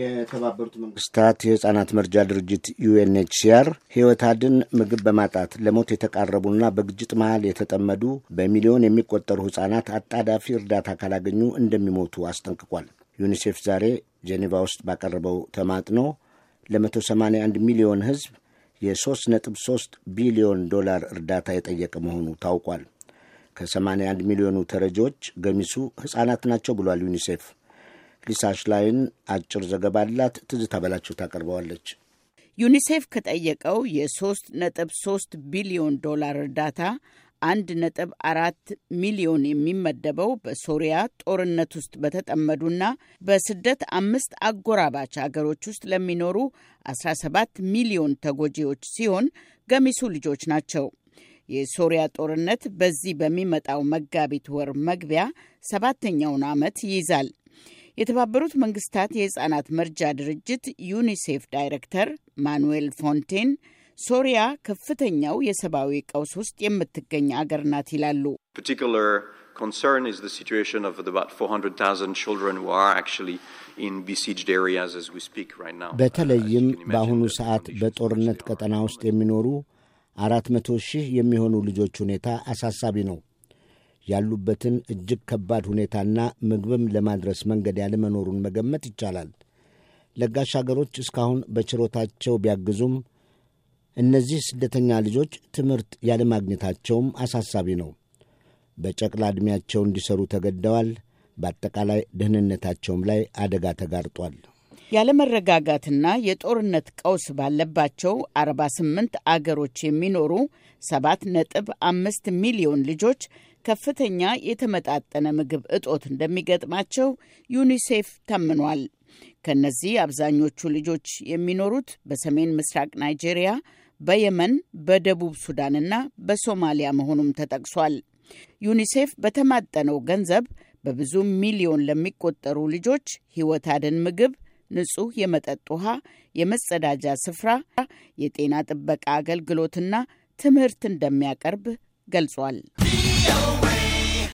የተባበሩት መንግስታት የህፃናት መርጃ ድርጅት ዩኤንኤችሲአር ህይወት አድን ምግብ በማጣት ለሞት የተቃረቡና በግጭት መሃል የተጠመዱ በሚሊዮን የሚቆጠሩ ህጻናት አጣዳፊ እርዳታ ካላገኙ እንደሚሞቱ አስጠንቅቋል። ዩኒሴፍ ዛሬ ጄኔቫ ውስጥ ባቀረበው ተማጥኖ ለ181 ሚሊዮን ህዝብ የ3.3 ቢሊዮን ዶላር እርዳታ የጠየቀ መሆኑ ታውቋል። ከ81 ሚሊዮኑ ተረጂዎች ገሚሱ ሕፃናት ናቸው ብሏል ዩኒሴፍ። ሊሳሽ ላይን አጭር ዘገባ አላት። ትዝታ በላቸው ታቀርበዋለች። ዩኒሴፍ ከጠየቀው የሶስት ነጥብ ሶስት ቢሊዮን ዶላር እርዳታ አንድ ነጥብ አራት ሚሊዮን የሚመደበው በሶሪያ ጦርነት ውስጥ በተጠመዱና በስደት አምስት አጎራባች አገሮች ውስጥ ለሚኖሩ 17 ሚሊዮን ተጎጂዎች ሲሆን ገሚሱ ልጆች ናቸው። የሶሪያ ጦርነት በዚህ በሚመጣው መጋቢት ወር መግቢያ ሰባተኛውን ዓመት ይይዛል። የተባበሩት መንግስታት የህፃናት መርጃ ድርጅት ዩኒሴፍ ዳይሬክተር ማኑኤል ፎንቴን ሶሪያ ከፍተኛው የሰብአዊ ቀውስ ውስጥ የምትገኝ አገር ናት ይላሉ። በተለይም በአሁኑ ሰዓት በጦርነት ቀጠና ውስጥ የሚኖሩ አራት መቶ ሺህ የሚሆኑ ልጆች ሁኔታ አሳሳቢ ነው። ያሉበትን እጅግ ከባድ ሁኔታና ምግብም ለማድረስ መንገድ ያለመኖሩን መገመት ይቻላል። ለጋሽ አገሮች እስካሁን በችሮታቸው ቢያግዙም እነዚህ ስደተኛ ልጆች ትምህርት ያለማግኘታቸውም አሳሳቢ ነው። በጨቅላ ዕድሜያቸው እንዲሠሩ ተገደዋል። በአጠቃላይ ደህንነታቸውም ላይ አደጋ ተጋርጧል። ያለመረጋጋትና የጦርነት ቀውስ ባለባቸው 48 አገሮች የሚኖሩ 7.5 ሚሊዮን ልጆች ከፍተኛ የተመጣጠነ ምግብ እጦት እንደሚገጥማቸው ዩኒሴፍ ተምኗል። ከነዚህ አብዛኞቹ ልጆች የሚኖሩት በሰሜን ምስራቅ ናይጄሪያ፣ በየመን፣ በደቡብ ሱዳንና በሶማሊያ መሆኑም ተጠቅሷል። ዩኒሴፍ በተማጠነው ገንዘብ በብዙ ሚሊዮን ለሚቆጠሩ ልጆች ሕይወት አድን ምግብ ንጹህ የመጠጥ ውሃ፣ የመጸዳጃ ስፍራ፣ የጤና ጥበቃ አገልግሎትና ትምህርት እንደሚያቀርብ ገልጿል።